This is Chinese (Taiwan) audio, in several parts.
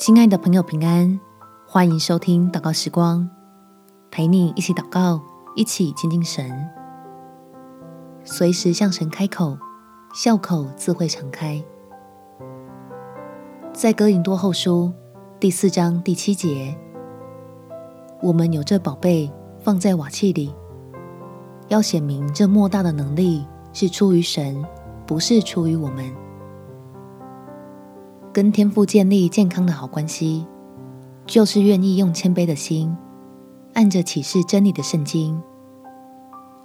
親愛的朋友，平安，歡迎收聽禱告時光，陪你一起禱告，一起親近神。隨時向神開口，笑口自會常開。在哥林多後書第四章第七節，我們有這寶貝放在瓦器裡，要顯明這莫大的能力是出於神，不是出於我們。跟天父建立健康的好關係，就是願意用謙卑的心，按着啟示真理的聖經，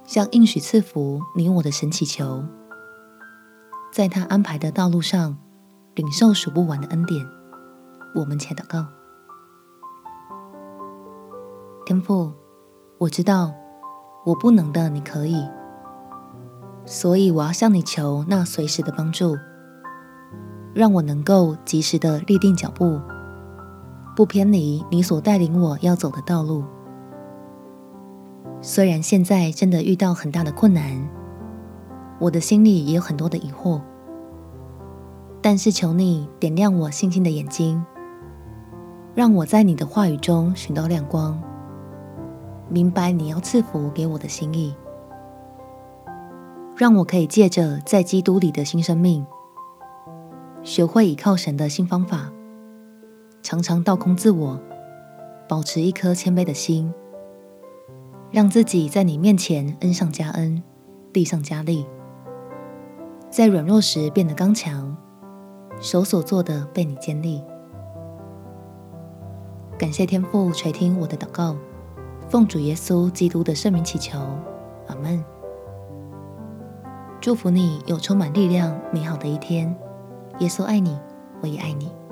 向應許賜福你我的神祈求，在他安排的道路上，領受數不完的恩典。我們且禱告：天父，我知道我不能的，你可以，所以我要向你求那隨時的幫助。讓我能夠及時地立定腳步，不偏離你所帶領我要走的道路。雖然現在真的遇到很大的困難，我的心裡也有很多的疑惑，但是求你點亮我信心的眼睛，讓我在你的話語中尋到亮光，明白你要賜福給我的心意，讓我可以借着在基督裡的新生命。學會倚靠神的新方法，常常倒空自我，保持一顆謙卑的心，讓自己在你面前恩上加恩，力上加力，在軟弱時變得剛強，手所做的被你堅立。感謝天父垂聽我的禱告，奉主耶穌基督的聖名祈求，阿門。祝福你有充滿力量美好的一天。耶穌愛你，我也愛你。